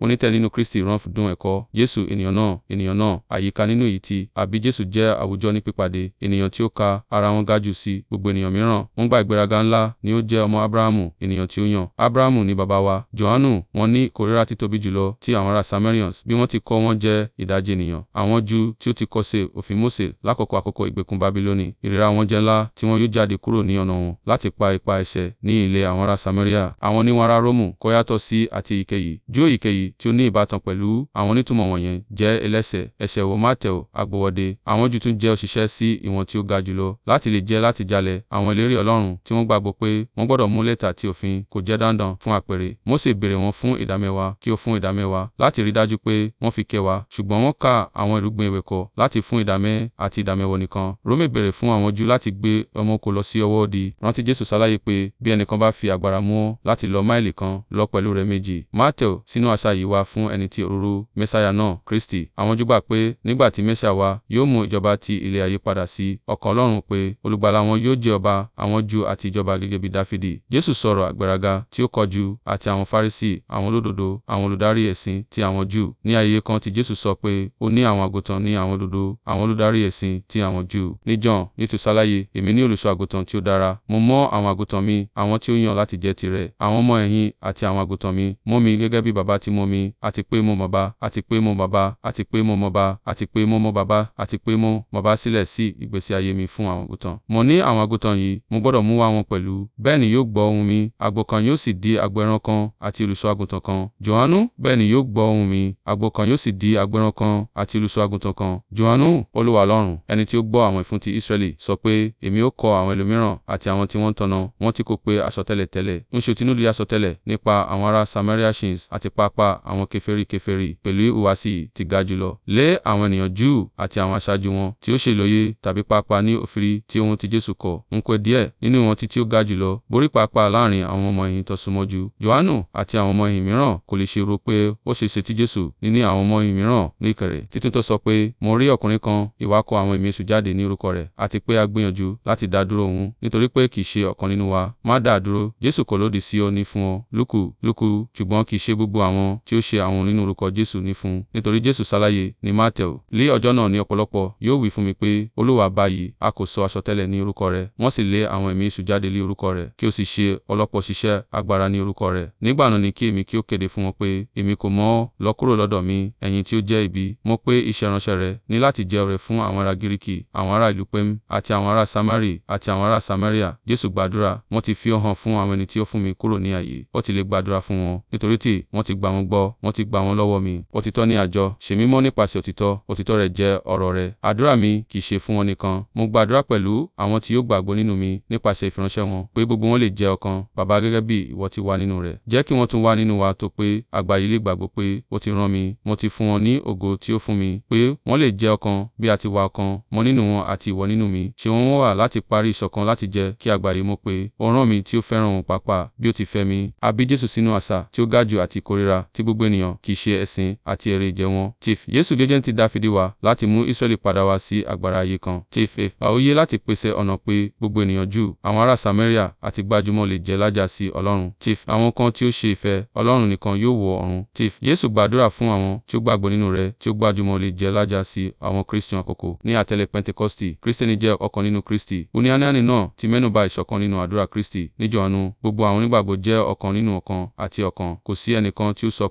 Onítẹ̀línú Kristi rán dún ẹ̀kọ́. Jésù ènìyàn náà, ènìyàn náà, àyíká nínú èyí tí àbí Jésù jẹ́ àwùjọ ní pípàdé, ènìyàn tí ó ka ara wọn ga jù sí gbogbo ènìyàn mìíràn. Wọ́n gba ìgbéraga ńlá ni ó jẹ́ ọmọ Abrahamu, ènìyàn tí ó yàn. Abrahamu ni baba wa. Johanu, wọ́n ní ìkórìíra títóbi jùlọ ti àwọn ará Samarians. Bí wọ́n ti kọ́ wọn jẹ́ ìdajì ènìyàn. Àwọn Júù tí ó ti kọ́sẹ̀ òfin Mose lákòókò àkókò ìgbèkùn Babiloni. Ìríra wọn jẹ́ ńlá tí wọn yóò jáde kúrò ní ọ̀nà wọn láti pa ipa ẹ̀ṣẹ̀ ní ilẹ̀ àwọn ará Samaria. Àwọn oníwàrà Romu kò yàtọ̀ sí àti èyíkéyìí. Júù èyíkéyìí tí ó ní ìbátan pẹ̀lú àwọn onítùmọ̀ wọ̀nyẹn jẹ́ ẹlẹ́ṣẹ̀, ẹ̀ṣẹ̀ wo Mateo, agbowóde, àwọn Júù tún jẹ́ òṣìṣẹ́ sí ìwọ̀n tí ó ga jùlọ, láti lè jẹ́ láti jalè, àwọn eléré Ọlọ́run tí wọ́n gbàgbọ́ pé wọ́n gbọdọ̀ mú lẹ́tà tí òfin kò jẹ́ dandan fún àpẹẹrẹ, Mose béèrè wọn fún ìdámẹ́wàá kí ó fún ìdámẹ́wàá, láti rí dájú pé wọ́n fi kẹwa, ṣùgbọ́n wọ́n ka àwọn irúgbìn ewéko láti fún ìdámẹ́ àti ìdámẹ́wọ̀ nìkan. Rómè béèrè fún àwọn Júù láti gbé ọmọ kò lọ sí ọwọ́ òdì, rántí Jésù ṣàlàyé pé bí ẹnìkan bá fi agbára mú ọ láti lọ máìlì kan, lọ pẹ̀lú rẹ̀ méjì. Mateo, sínú àṣà yìí wá fún ẹni tí òróró Mẹ́sáyà náà, Kristi. Àwọn Júù gbà pé nígbà tí Mẹ́sáyà wá, yóò mú ìjọba ti ilẹ̀ ayé padà sí ọkàn Ọlọ́run pé olùgbàlà wọn yóò jẹ́ ọba àwọn Júù àti ìjọba gẹ́gẹ́ bí Dáfídì. Jésù sọ̀rọ̀ àgbéraga tí ó kọjú àti àwọn Fárísì, àwọn olódodo, àwọn olùdarí ẹ̀sìn ti àwọn Júù. Ní ayẹyẹ kan tí Jésù sọ pé ó ní àwọn àgùntàn ní àwọn olódodo, àwọn olùdarí ẹ̀sìn ti àwọn Júù. Ní John, ní Tùsáláyé, èmi ní olùṣọ́ àgùntàn tí ó dára. Mo mọ àwọn àgùntàn mi, àwọn tí ó yàn láti jẹ́ tirẹ̀. Àwọn ọmọ ẹ̀yìn àti àwọn àgùntàn mi mọ̀ mi gẹ́gẹ́ bí Bàbá ti mọ̀ mi, àti pé mo mọ̀ bá, àti pé mo mọ̀ bá, àti pé mo mọ̀ bá, àti pé mo mọ̀ bàbá, àti pé mo mọ̀ bá sílẹ̀ sí ìgbésí ayé mi fún àwọn àgùntàn. Mo ní àwọn àgùntàn yìí, mo gbọdọ̀ mú wá wọn pẹ̀lú. Bẹ́ẹ̀ ni yóò gbọ́ ohùn mi, àgbò kan yóò sì di agbo ẹran kan àti olùṣọ́ àgùntàn kan. Johanu, bẹ́ẹ̀ ni yóò gbọ́ ohùn mi, àgbò kan yóò sì di agbo ẹran kan àti olùṣọ́ àgùntàn kan. Johanu, Olúwa Ọlọ́run, ẹni tí ó gbọ́ àwọn ìfún ti Israẹli, sọ pé, èmi ó kọ àwọn ẹlòmíràn àti àwọn tí wọ́n ń tanná, wọ́n tí kò pé àsọtẹ́lẹ̀ tẹ́lẹ̀. Ń ṣe òtínú di àsọtẹ́lẹ̀ nípa àwọn ará Samaria ṣins àti pápá àwọn kèfèrí-kèfèrí pẹ̀lú ìhùwàsí tí ga jùlọ lé àwọn ènìyàn Júù àti àwọn aṣáájú wọn tí ó ṣe ìlòye tàbí pàápàá ní òfìrí ti ohun tí Jesu kọ̀. N kò díẹ̀ nínú wọn títí ó ga jùlọ borí pàápàá láàrín àwọn ọmọ-ẹ̀yìn tó súnmọ́jú. Johanu àti àwọn ọmọ-ẹ̀yìn mìíràn kò lè ṣe rò pé ó ṣe ṣe tí Jesu níní àwọn ọmọ-ẹ̀yìn mìíràn ní ìkẹrẹ̀. Títún tó sọ pé, mo rí ọkùnrin kan, ìwà àwọn ẹ̀mí èṣù jáde ní orúkọ rẹ̀, àti pé a gbìyànjú láti dá dúró òun, nítorí pé kì í ṣe ọ̀kan nínú wa. Má dà dúró. Jesu kò lòdì sí òní fún ọ. Lúkù, Lúkù, ṣùgbọ́n kì í ṣe gbogbo àwọn tí ó ṣe àwọn nínú orúkọ Jésù ní fún, nítorí Jésù ṣàlàyé ní Mátẹ̀ù. Lé ọjọ́ náà ní ọ̀pọ̀lọpọ̀ yóò wí fún mi pé, Olúwa báyìí, a kò sọ àsọtẹ́lẹ̀ ní orúkọ rẹ̀, wọ́n sì lé àwọn ẹ̀mí èṣù jáde lé orúkọ rẹ̀, kí ó sì ṣe ọlọ́pọ̀ ṣiṣẹ́ agbára ní orúkọ rẹ̀. Nígbà náà ni kí èmi kí ó kéde fún wọn pé, èmi kò mọ̀ ọ́, lọ kúrò lọ́dọ̀ mi, ẹ̀yin tí ó jẹ́ ibi. Mo pé iṣẹ́ ìránṣẹ́ rẹ ní láti jẹ́ ọrẹ fún àwọn ará Gíríkì, àwọn ará ìlú Pem, àti àwọn ará Samari, àti àwọn ará Samaria. Jésù gbàdúrà, wọ́n ti fi ó hàn fún àwọn ẹni tí ó fún mi kúrò ní ààyè, ó ti lè gbàdúrà fún wọn, nítorí tí wọ́n ti gbà wọ́n gbọ́ ẹbọ, wọ́n ti gbà wọ́n lọ́wọ́ mi. Òtítọ́ ni àjọ, ṣe mímọ́ nípasẹ̀ òtítọ́, òtítọ́ rẹ̀ jẹ́ ọ̀rọ̀ rẹ̀. Àdúrà mi kì í ṣe fún wọn nìkan. Mo gbàdúrà pẹ̀lú àwọn tí yóò gbàgbọ́ nínú mi nípasẹ̀ ìfiránṣẹ́ wọn, pé gbogbo wọn lè jẹ́ ọ̀kan, Bàbá gẹ́gẹ́ bí ìwọ ti wà nínú rẹ̀. Jẹ́ kí wọ́n tún wà nínú wa tó pé àgbáyé lè gbàgbọ́ pé ó ti rán mi. Mo ti fún wọn ní ògo tí ó fún mi, pé wọ́n lè jẹ́ ọ̀kan bí a ti wà ọ̀kan, mo nínú wọn àti ìwọ nínú mi. Ṣe wọ́n wà láti parí ìṣọ̀kan láti jẹ́ kí àgbáyé mọ̀ pé ó rán mi tí ó fẹ́ràn wọn pàápàá bí ó ti fẹ́ mi. A Jésù sínú àṣà tí ó ga àti ìkórìíra tí gbogbo ènìyàn kì í ṣe ẹ̀sìn àti èrè ìjẹ wọn. Tif Jésù gẹ́gẹ́ ti Dáfídì wá láti mú Ísírẹ́lì padà wá sí agbára ayé kan. Tif F. Àwòyé láti pèsè ọ̀nà pé gbogbo ènìyàn Júù, àwọn ará Samaria àti gbajúmọ̀ lè jẹ́ lájà sí Ọlọ́run. Tif Àwọn kan tí ó ṣe ìfẹ́ Ọlọ́run nìkan yóò wọ ọ̀run. Tif Jésù gbàdúrà fún àwọn tí ó gbàgbọ́ nínú rẹ̀ tí ó gbajúmọ̀ lè jẹ́ lájà sí àwọn Kristian àkókò. Ní àtẹ̀lé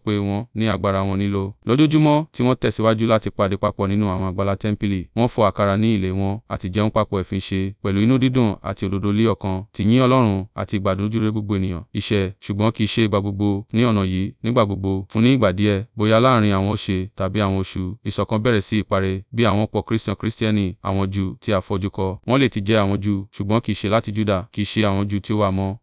pé wọ́n ní agbára wọn nílò. Lójoojúmọ́ tí wọ́n tẹ̀síwájú láti pàdé papọ̀ nínú àwọn àgbàlá tẹ́ḿpìlì, wọ́n fọ àkàrà ní ilé wọn àti jẹun papọ̀ ẹ̀fín ṣe, pẹ̀lú inú dídùn àti òdodo lé ọkàn, ti yín Ọlọ́run àti ìgbàdúró gbogbo ènìyàn. Iṣẹ́, ṣùgbọ́n kì í ṣe ìgbà gbogbo, ní ọ̀nà yìí, nígbà gbogbo, fún ní ìgbà díẹ̀, bóyá láàárín àwọn ọ̀sẹ̀ tàbí àwọn oṣù, ìṣọ̀kan bẹ̀rẹ̀ sí í parẹ́, bí àwọn ọ̀pọ̀ Kristian Kristiẹni, àwọn Júù tí a fojú kọ, wọ́n lè ti jẹ́ àwọn Júù, ṣùgbọ́n kì í ṣe láti Júdà, kì í ṣe àwọn Júù tí ó wà mọ́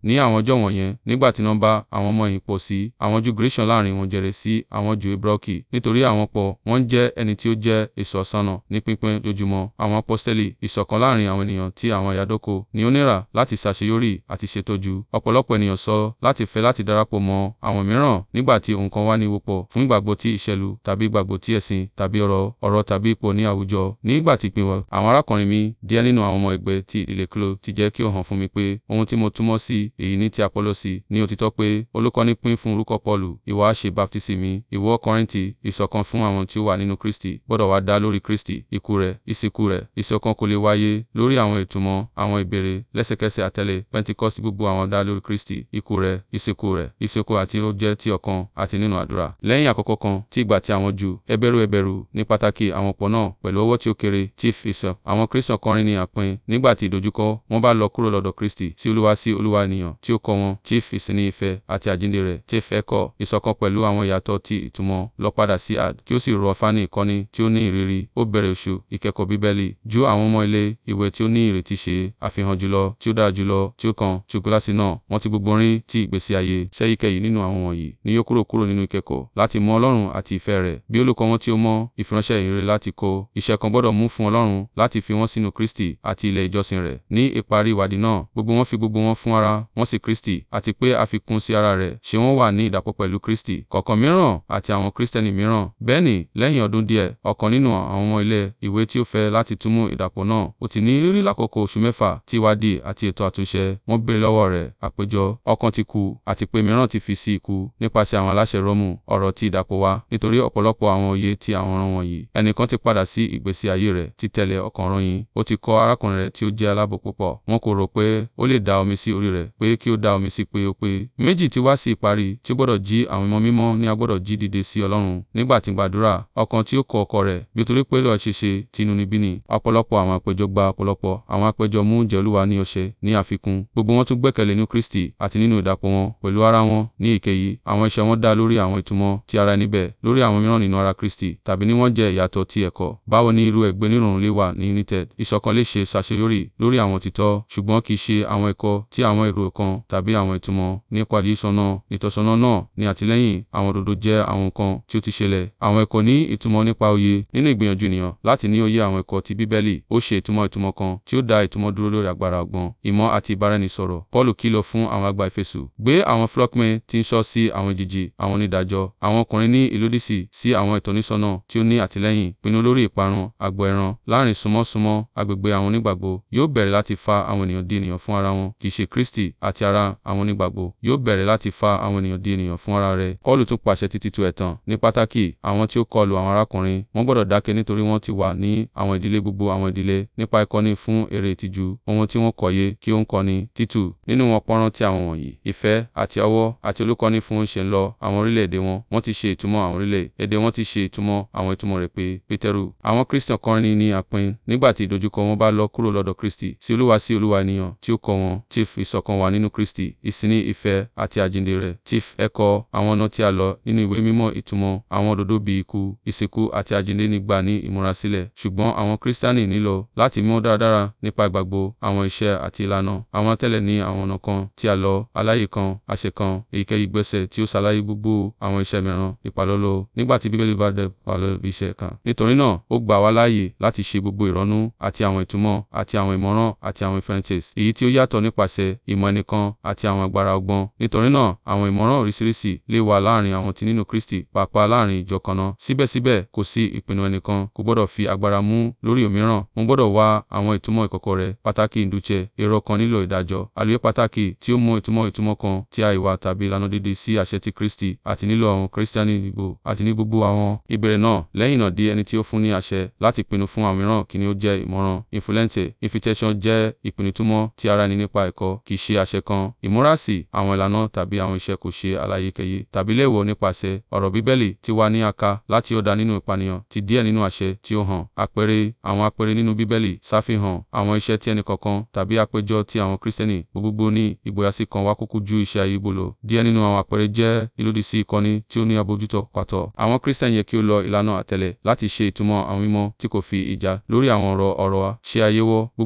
àwọn jèrè sí àwọn ju Ibroki nítorí àwọn pọ̀ wọ́n jẹ́ ẹni tí ó jẹ́ èso ọ̀sánà ní pínpín lójúmọ́. Àwọn apọ́stélì ìṣọ̀kan láàrín àwọn ènìyàn tí àwọn ìyádókò ni ó nira láti ṣàṣeyọrí àti ṣètọ́jú. Ọ̀pọ̀lọpọ̀ ènìyàn sọ láti fẹ́ láti darapọ̀ mọ́ àwọn mìíràn nígbà tí ohun kan wà ní ìwòpọ̀ fún ìgbàgbọ́ ti ìṣèlú tàbí ìgbàgbọ́ ti ẹ̀sìn tàbí ọ̀rọ̀ ọ̀rọ̀ tàbí ipò ní àwùjọ. Nígbà tí ìpínwọ̀ àwọn arákùnrin mi díẹ̀ nínú àwọn ọmọ ẹgbẹ́ ti ìdílé Klo ti jẹ́ kí ó hàn fún mi pé ohun tí mo túmọ̀ sí èyí ní ti Apọlọsi ní òtítọ́ pé olùkọ́ni pín fún orúkọ Paulu ìwà àṣẹ baptisimi, ìwọ Kọ́ríńtì, ìṣọ̀kan fún àwọn tí ó wà nínú Kristi, gbọdọ̀ wà dá lórí Kristi, ikú rẹ̀, ìsìnkú rẹ̀, ìṣọ̀kan kò lè wáyé lórí àwọn ìtumọ̀, àwọn ìbéèrè, lẹ́sẹ̀kẹsẹ̀ àtẹ̀lé Pentikọọsi gbogbo àwọn dá lórí Kristi, ikú rẹ̀, ìsìnkú rẹ̀, ìṣọ̀kan àti ó jẹ́ ti ọkàn àti nínú àdúrà. Lẹ́yìn àkókò kan tí ìgbà tí àwọn Júù, ẹbẹ̀rù ẹbẹ̀rù, ní pàtàkì àwọn ọ̀pọ̀ náà, pẹ̀lú ọwọ́ tí ó kéré, tí ìfisọ̀, àwọn Kristian kọrin ní àpín, nígbà tí ìdojúkọ, wọ́n bá lọ kúrò lọ́dọ̀ Kristi, sí Olúwa sí Olúwa ènìyàn, tí ó kọ́ wọn, tí ìfisìn ní ìfẹ́ àti àjíǹde rẹ̀, tí ìfẹ́ kọ́, ìṣọ̀kan pẹ̀lú àwọn ìyàtọ̀ ti ìtumọ̀ lọ padà sí ad kí ó sì rọ fani ìkọ́ni tí ó ní ìrírí ó bẹ̀rẹ̀ oṣù ìkẹ́kọ̀ọ́ bíbélì ju àwọn ọmọ ilé ìwé tí ó ní ìrètí ṣe àfihàn jùlọ tí ó dára jùlọ tí ó kan tí ó kíláàsì náà wọ́n ti gbogbo rin ti ìgbésí ayé sẹ́yìnkẹ́yì nínú àwọn wọ̀nyí ni yóò kúrò kúrò nínú ìkẹ́kọ̀ọ́ láti mọ Ọlọ́run àti ìfẹ́ rẹ̀ bí olùkọ́ wọn tí ó mọ ìfiránṣẹ́ ìrere láti kó iṣẹ́ kan gbọ́dọ̀ mú fún Ọlọ́run láti fi wọ́n sínú Kristi àti ilẹ̀ ìjọsìn rẹ̀ ní ìparí ìwádìí náà gbogbo wọn fi gbogbo wọn fún ara wọn sí Kristi àti pé àfikún sí ara rẹ̀ ṣé wọ́n wà ní ìdàpọ̀ pẹ̀lú Kristi kọ̀ọ̀kan mìíràn àti àwọn Kristẹni mìíràn. Bẹ́ẹ̀ ni, lẹ́yìn ọdún díẹ̀, ọ̀kan nínú àwọn ọmọ ilẹ̀ ìwé tí ó fẹ́ láti túmọ̀ ìdàpọ̀ náà, ó ti ní ìrírí lákòókò oṣù mẹ́fà tí ìwádìí àti ètò àtúnṣe. Wọ́n béèrè lọ́wọ́ rẹ̀, àpéjọ, ọ̀kan ti kú, àti pé mìíràn ti fi sí ikú, nípasẹ̀ àwọn aláṣẹ Rómù, ọ̀rọ̀ ti ìdàpọ̀ wá, nítorí ọ̀pọ̀lọpọ̀ àwọn òye ti àwòrán wọ̀nyí. Ẹnìkan ti padà sí ìgbésí ayé rẹ̀, títẹ̀lé ọkàn ròyìn, ó ti kọ́ arákùnrin rẹ̀ tí ó jẹ́ alábò púpọ̀. Wọn kò rò pé ó lè da omi sí orí rẹ̀, pé kí ó da omi sí pé ó pé. Méjì ti wá sí ìparí, tí ó gbọdọ̀ jí àwọn ọmọ mímọ́ Mímọ́ ni a gbọdọ̀ jí dìde sí Ọlọ́run nígbà tí ń gbàdúrà, ọkàn tí ó kọ ọkọ rẹ̀, bí ó torí pé ìṣeṣe ti inúnibíni, ọ̀pọ̀lọpọ̀ àwọn àpéjọ gba ọ̀pọ̀lọpọ̀ àwọn àpéjọ mú oúnjẹ Olúwa ní ọ̀sẹ̀ ní àfikún, gbogbo wọn tún gbẹ́kẹ̀lé nínú Kristi àti nínú ìdàpọ̀ wọn pẹ̀lú ara wọn ní èyíkéyìí, àwọn iṣẹ́ wọn dá lórí àwọn ìtumọ̀ ti ara ẹni bẹ́ẹ̀ lórí àwọn mìíràn nínú ara Kristi, tàbí ní wọ́n jẹ́ ìyàtọ̀ ti ẹ̀kọ́. Báwo ni irú ẹgbẹ́ onírúurú lè wà ní United? Ìṣọ̀kan lè ṣe ṣàṣeyọrí lórí àwọn òtítọ́, ṣùgbọ́n kì í ṣe àwọn ẹ̀kọ́ ti àwọn èrò kan tàbí àwọn ìtumọ̀ nípa ìdísọ́nà, ìtọ́sọ́nà náà ní àtìlẹ́yìn àwọn òdodo jẹ́ àwọn nǹkan tí ó ti ṣẹlẹ̀. Àwọn ẹ̀kọ́ ní ìtumọ̀ nípa òye nínú ìgbìyànjú ènìyàn láti ní òye àwọn ẹ̀kọ́ ti Bíbélì, ó ṣe ìtumọ̀ ìtumọ̀ kan tí ó dá ìtumọ̀ dúró lórí agbára ọgbọ́n, ìmọ̀ àti ìbáraẹnisọ̀rọ̀. Paulu kìlọ̀ fún àwọn àgbà Efesu, gbé àwọn flọ́kmen tí ń ṣọ́ sí àwọn ìjìji, àwọn onídàájọ́, àwọn ọkùnrin ní ìlódìsí sí àwọn ìtọ́nisọ́nà tí ó ní àtìlẹ́yìn, pinnu lórí ìparun, agbo ẹran, láàrín súnmọ́súnmọ́, agbègbè àwọn onígbàgbọ́, yóò bẹ̀rẹ̀ láti fa àwọn ènìyàn di ènìyàn fún ara wọn, kì í ṣe Kristi, àti ara àwọn onígbàgbọ́, yóò bẹ̀rẹ̀ láti fa àwọn ènìyàn di ènìyàn fún ara rẹ̀. Paulu Paulu tún pàṣẹ títí tu ẹ̀tàn ní pàtàkì àwọn tí ó kọlù àwọn arákùnrin, wọ́n gbọdọ̀ dákẹ́ nítorí wọ́n ti wà ní àwọn ìdílé gbogbo àwọn ìdílé nípa ìkọ́ni fún eré ìtìjú, ohun tí wọ́n kọ̀yé kí ó ń kọ́ni, Títù, nínú wọn pọ́nrán ti àwọn wọ̀nyí, ìfẹ́, àti ọ̀wọ̀, àti olùkọ́ni fún ìṣẹ̀ńlọ àwọn orílẹ̀-èdè wọn, wọ́n ti ṣe ìtumọ̀ àwọn orílẹ̀-èdè wọn ti ṣe ìtumọ̀ àwọn ìtumọ̀ rẹ̀ pé, Pétérù, àwọn Kristian kọrin ní àpín, nígbà tí ìdojúkọ wọn bá lọ kúrò lọ́dọ̀ Kristi, sí Olúwa sí Olúwa ènìyàn, tí ó kọ wọn, tif ìṣọ̀kan wà nínú Kristi, ìsìn ní ìfẹ́ àti àjíǹde rẹ̀, tif ẹ̀kọ́, àwọn ọ̀nà tí a lọ nínú ìwé mímọ́ ìtumọ̀ àwọn òdodo bíi ikú, ìsìnkú àti àjíǹde nígbà ní ìmúrasílẹ̀. Ṣùgbọ́n àwọn Krístíánì nílò láti mọ̀ dáradára nípa ìgbàgbọ́, àwọn iṣẹ́ àti ìlànà. Àwọn atẹ́lẹ̀ ní àwọn ọ̀nà kan tí àlọ, àlàyé kan, àṣẹ kan, èyíkéyìí ìgbésẹ̀ tí ó ṣàlàyé gbogbo àwọn iṣẹ́ mìíràn ìpalọ́lọ́ nígbà tí Bíbélì bá dẹ̀ wà lórí iṣẹ́ kan. Nítorí náà, ó gbà wá láàyè láti ṣe gbogbo ìrònú àti àwọn ìtumọ̀ àti àwọn ìmọ̀ràn àti àwọn ìfẹ̀yìntì èyí tí ó yàtọ̀ nípasẹ̀ ìmọ̀ ẹnìkan àti àwọn agbára ọgbọ́n. Nítorí náà, àwọn ìmọ̀ràn oríṣiríṣi lè wà láàárín láàrin àwọn tí nínú Kristi, pàápàá láàrin ìjọ kan náà. Síbẹ̀síbẹ̀, kò sí ìpinnu ẹnìkan, kò gbọdọ̀ fi agbára mú lórí òmíràn. Mo gbọdọ̀ wá àwọn ìtumọ̀ ìkọ̀kọ̀ rẹ̀, pàtàkì ìdújẹ, èrò ọkàn nílò ìdájọ́, àlùyé pàtàkì tí ó mú ìtumọ̀ ìtumọ̀ kan tí a tàbí ìlànà dédé sí àṣẹ ti Kristi àti nílò àwọn Kristiani gbogbo àti ní gbogbo àwọn ìbéèrè náà. Lẹ́yìn náà di ẹni tí ó fún ní àṣẹ láti pinnu fún àwọn mìíràn kí ni ó jẹ́ ìmọ̀ràn. Influence, invitation jẹ́ ìpinnu túmọ̀ ti ara ẹni nípa ẹ̀kọ́, kì í ṣe àṣẹ kan. Ìmúrasì, àwọn ìlànà tàbí àwọn iṣẹ́ kò ṣe àlàyé kẹyẹ tàbí lẹ́ àgbéléwò nípasẹ̀ ọ̀rọ̀ Bíbélì tí wà ní àká láti ọ̀dà nínú ìpànìyàn ti díẹ̀ nínú àṣẹ tí ó hàn. Àpẹẹrẹ àwọn àpẹẹrẹ nínú Bíbélì ṣàfihàn àwọn iṣẹ́ tí ẹnìkọ̀ọ̀kan tàbí àpéjọ ti àwọn Krístẹ́nì gbogbogbò ní ìgboyà sí kan wá kúkú ju iṣẹ́ ayé ibo lọ. Díẹ̀ nínú àwọn àpẹẹrẹ jẹ́ ìlòdì sí ìkọ́ni tí ó ní àbójútó pàtó. Àwọn Krístẹ́nì yẹ kí ó lọ ìlànà àtẹ̀lé láti ṣe ìtumọ̀ àwọn mímọ́ tí kò fi ìjà lórí àwọn ọ̀rọ̀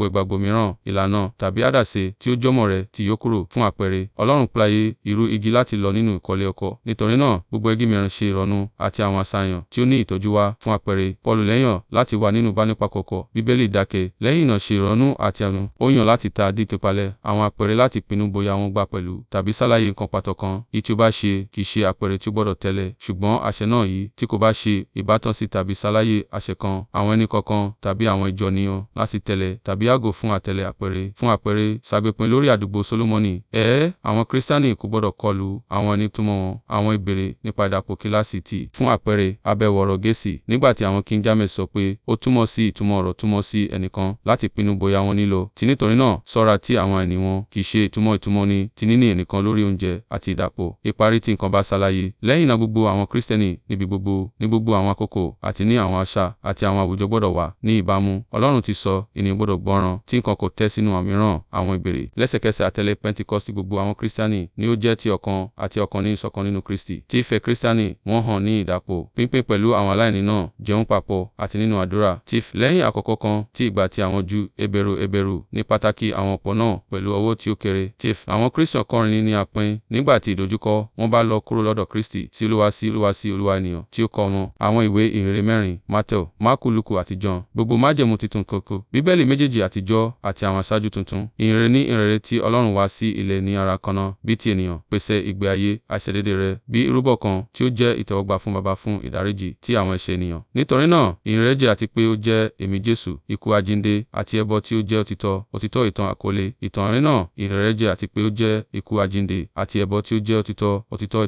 ọ̀rọ̀ ìgbàgbọ́ mìíràn, ìlànà tàbí àdáṣe tí ó jọmọ́ rẹ̀ ti yọ kúrò. Fún àpẹẹrẹ, Ọlọ́run pláyé irú igi láti lọ nínú ìkọ́lé ọkọ. Nítorí náà, gbogbo igi mìíràn ṣe ìrònú àti àwọn àṣàyàn tí ó ní ìtọ́jú wá. Fún àpẹẹrẹ, Paulu lẹ́yàn láti wà nínú ìbánipakọ̀ ọkọ. Bíbélì dákẹ́, lẹ́yìn náà ṣe ìrònú àti àánú. Ó yàn láti ta dípè palẹ̀ àwọn àpẹẹrẹ láti pinnu bóyá wọ́n gbà pẹ̀lú tàbí ṣàlàyé nǹkan pàtó kan. Èyí tí ó bá ṣe, kì í ṣe àpẹẹrẹ tí ó gbọdọ̀ tẹ̀lé. Ṣùgbọ́n àṣẹ náà yìí tí kò bá ṣe ìbátan sí tàbí ṣàlàyé àṣẹ kan, àwọn ẹnì kọ̀ọ̀kan tàbí àwọn ìjọ lò fún àtẹ̀lé àpẹẹrẹ. Fún àpẹẹrẹ, ṣàgbépin lórí àdúgbò Solomoni. Ẹ̀, àwọn Kristiani kò gbọdọ̀ kọlu àwọn ẹni túmọ̀ wọn. Àwọn ìbéèrè nípa ìdàpọ̀ kíláàsì ti. Fún àpẹẹrẹ, àbẹ̀wò ọ̀rọ̀ Gẹ̀ẹ́sì. Nígbà tí àwọn King James sọ pé ó túmọ̀ sí ìtumọ̀ ọ̀rọ̀ túmọ̀ sí ẹnìkan láti pinnu bóyá wọ́n nílò. Ti nítorí náà, ṣọ́ra tí àwọn àìní wọn kì í ṣe ìtumọ̀ ìtumọ̀ ni ti níní ẹnìkan lórí oúnjẹ àti ìdàpọ̀. Ìparí tí nǹkan bá ṣàlàyé. Lẹ́yìn náà gbogbo àwọn Kristiani níbi gbogbo, ní gbogbo àwọn àkókò àti ní àwọn àṣà àti àwọn àwùjọ gbọdọ̀ wà ní ìbámu. Ọlọ́run ti sọ, ènìyàn gbọdọ̀ gbọ́ràn tí nǹkan kò tẹ́ sínú àwọn mìíràn àwọn ìbèrè lẹ́sẹ̀kẹsẹ̀ àtẹ̀lé pentikọ́sì gbogbo àwọn kírísítánì ni ó jẹ́ ti ọ̀kan àti ọ̀kan ní ìṣọ̀kan nínú kristi tí ìfẹ́ kírísítánì wọ́n hàn ní ìdàpọ̀ pínpín pẹ̀lú àwọn aláìní náà jẹun papọ̀ àti nínú àdúrà tí lẹ́yìn àkọ́kọ́ kan tí ìgbà tí àwọn ju ebèrò ebèrò ní pàtàkì àwọn ọ̀pọ̀ náà pẹ̀lú ọwọ́ tí ó kéré tí àwọn kírísítàn kọrin ní apin nígbà tí ìdojúkọ wọn bá lọ kúrò lọ́dọ̀ kristi sí olúwa sí olúwa sí olúwa ènìyàn tí ó kọ wọn àwọn ìwé ìhìnrere mẹ́rin mateo mákù lukù àti john gbogbo májẹ̀mú titun kòkó bíbélì méjèèjì àtijọ́ àti àwọn aṣáájú tuntun. Ìhìnrere ní ìhìnrere tí Ọlọ́run wá sí ilẹ̀ ní ara kan náà bí ti ènìyàn pèsè ìgbé ayé àìṣedéédé rẹ̀ bí irúbọ kan tí ó jẹ́ ìtẹ́wọ́gbà fún Baba fún ìdáríjì ti àwọn ẹ̀ṣẹ̀ ènìyàn. Nítorí náà, ìhìnrere jẹ́ àti pé ó jẹ́ èmi Jésù, ikú àjíǹde àti ẹbọ tí ó jẹ́ òtítọ́, òtítọ́ ìtàn àkọlé. Ìtàn ẹ̀rí náà, ìhìnrere jẹ́ àti pé ó jẹ́ ikú àjíǹde àti ẹbọ tí ó jẹ́ òtítọ́, òtítọ́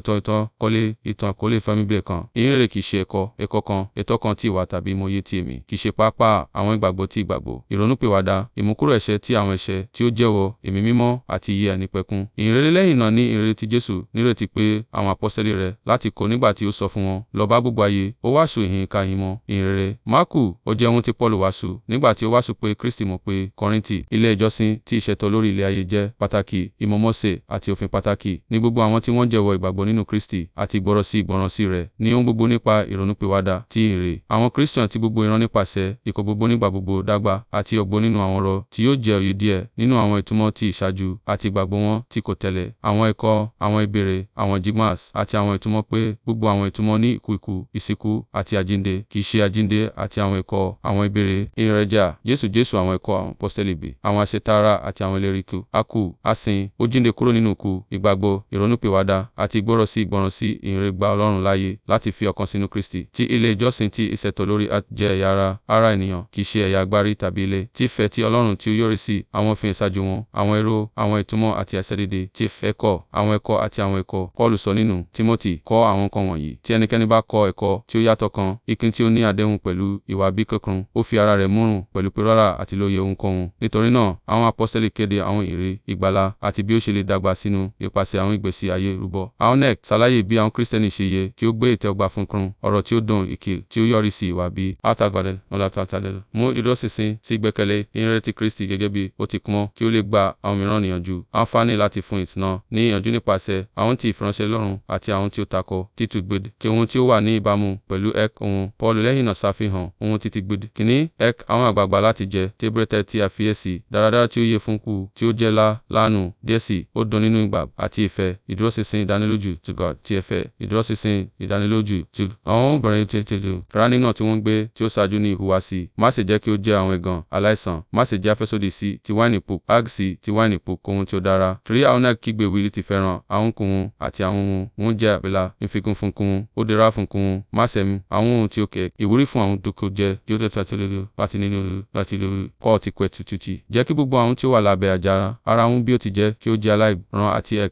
ìtàn ìmúkúrò ẹ̀ṣẹ̀ ti àwọn ẹ̀ṣẹ̀ tí ó jẹ́wọ́, Ẹ̀mí Mímọ́ àti ìyè àìnípẹ̀kun. Ìhìnrere lẹ́yìn náà ni ìhìnrere ti Jesu nírètí pé àwọn apọ́sítélì rẹ̀ láti kọ́ nígbà tí ó sọ fún wọn, “Lọ bá gbogbo ayé, ó wàásù ìhìn ìkẹyìn wọn, ìhìnrere.” Marku, ó jẹ́ ohun tí Paulu wàásù, nígbà tí ó wàásù pé Kristi mọ̀ pé Kọ́ríńtì, ilé ìjọsìn tí ìṣètò lórí ilẹ̀ ayé jẹ́ pàtàkì, ìmọ̀ Mósè àti òfin pàtàkì, ní gbogbo àwọn tí wọ́n jẹ́wọ́ ìgbàgbọ́ nínú Kristi àti ìgbọ́rọ̀ sí ìgbọ́ràn sí rẹ̀, ní ohun gbogbo nípa ìrònúpìwàdà ti ìyìnrere. Àwọn Kristian ti gbogbo ìran nípasẹ̀ ìkọ̀ gbogbo nígbà gbogbo dàgbà àti ògbó nínú àwọn ọ̀rọ̀ tí yóò jẹ́ òye díẹ̀ nínú àwọn ìtumọ̀ ti ìṣáájú àti ìgbàgbọ́ wọn tí kò tẹ̀lé, àwọn ẹ̀kọ́, àwọn ìbéèrè, àwọn jigmas, àti àwọn ìtumọ̀ pé gbogbo àwọn ìtumọ̀ ní ìkùukù, ìsìnkú, àti àjíǹde, kì í ṣe àjíǹde, àti àwọn ẹ̀kọ́, àwọn ìbéèrè, ìrẹ̀jà, Jésù Jésù àwọn ẹ̀kọ́ àwọn apọ́stẹ́lì bí, àwọn àṣetara àti àwọn ìlérí a kú, a sin, ó jíǹde kúrò nínú ikú, ìgbàgbọ́, ìrònúpìwàdà, àti ìgbọ́rọ̀ sí ìgbọràn sí ìyìnrere-gba Ọlọ́run láàyè láti fi ọkàn sínú Kristi, tí ilé ìjọsìn ti ìṣètò lórí earth jẹ́ ẹ̀yà ara, ara ènìyàn, kì í ṣe ẹ̀yà agbárí tàbí ilé, tí ìfẹ́ ti Ọlọ́run Ọlọ́run tí ó yọrí sí àwọn òfin ìṣáájú wọn, àwọn èrò, àwọn ìtumọ̀ àti àìṣedéédéé ti ẹ̀kọ́, àwọn ẹ̀kọ́ àti àwọn ẹ̀kọ́. Paulu sọ nínú Tímótì, kọ́ àwọn nǹkan wọ̀nyí. Tí ẹnikẹ́ni bá kọ́ ẹ̀kọ́ tí ó yàtọ̀ kan, ìkíni tí ó ní àdéhùn pẹ̀lú ìwà bí kíkún, ó fi ara rẹ̀ múrùn pẹ̀lú píróra àti lóye ohunkóhun. Nítorí náà, àwọn apọ́stélì kéde àwọn ère ìgbàlà àti bí ó ṣe lè dàgbà sínú ipasẹ̀ àwọn ìgbésí ayé rúbọ. Aonek ṣàlàyé bí àwọn Kristẹni ṣe yẹ kí ó gbé ìtẹ́wọ́gbà fún kún, ọ̀rọ̀ tí ó dùn ìkì tí ó yọrí sí ìwà bí àtàgbàdẹ, ọ̀làtàtàdẹ, mú ìdúróṣinṣin sí ìgbẹ́kẹ̀lé, ìyẹn ti Kristi gẹ́gẹ́ bí ó ti kúnmọ́ kí ó lè gba àwọn mìíràn níyànjú. Àǹfààní láti fún ìtìná ní ìyànjú nípasẹ̀ àwọn tí ìfiránṣẹ́ Ọlọ́run àti àwọn tí ó takò títú gbèdé. Kí ohun tí ó wà ní ìbámu pẹ̀lú ẹ̀k ohun Paul lẹ́yìn náà ṣàfihàn ohun títí gbèdé. Kìíní ẹ̀k àwọn àgbààgbà láti jẹ tébúrẹ́tẹ̀ tí a fiyèsí dáradára tí ó yẹ fún kú tí ó jẹ́ lá lánù díẹ̀ sí ó dùn nínú ìgbà àti ìfẹ́ ìdúróṣinṣin ìdánilójú to God ti ẹ̀fẹ́ ìdúróṣinṣin ìdánilójú to àwọn obìnrin tètè lò. Rárá tí wọ́n gbé tí ó ṣáájú ní ìhùwàsí, má ṣe jẹ́ kí ó jẹ́ àwọn ẹ̀gàn aláìsàn, sì jáfẹ́ sódì sí ti wáìnì pò áàgì sí ti wáìnì pò ohun tí ó dára torí àwọn náà kígbe wí ti fẹ́ràn àwọn kùnún àti àwọn ohun wọn jẹ́ àbẹ́là ìfikún fún kùnún ó dira fún kùnún má sẹ́mi àwọn ohun tí ó kẹ́ ìwúrí fún àwọn dúkọ́ jẹ́ yóò tẹ́tà tó lórí láti nínú láti lórí kọ́ ti pẹ́ tututi jẹ́ kí gbogbo àwọn tí ó wà lábẹ́ àjàrà ara wọn bí ó ti jẹ́ kí ó jẹ́ aláìran àti ẹ̀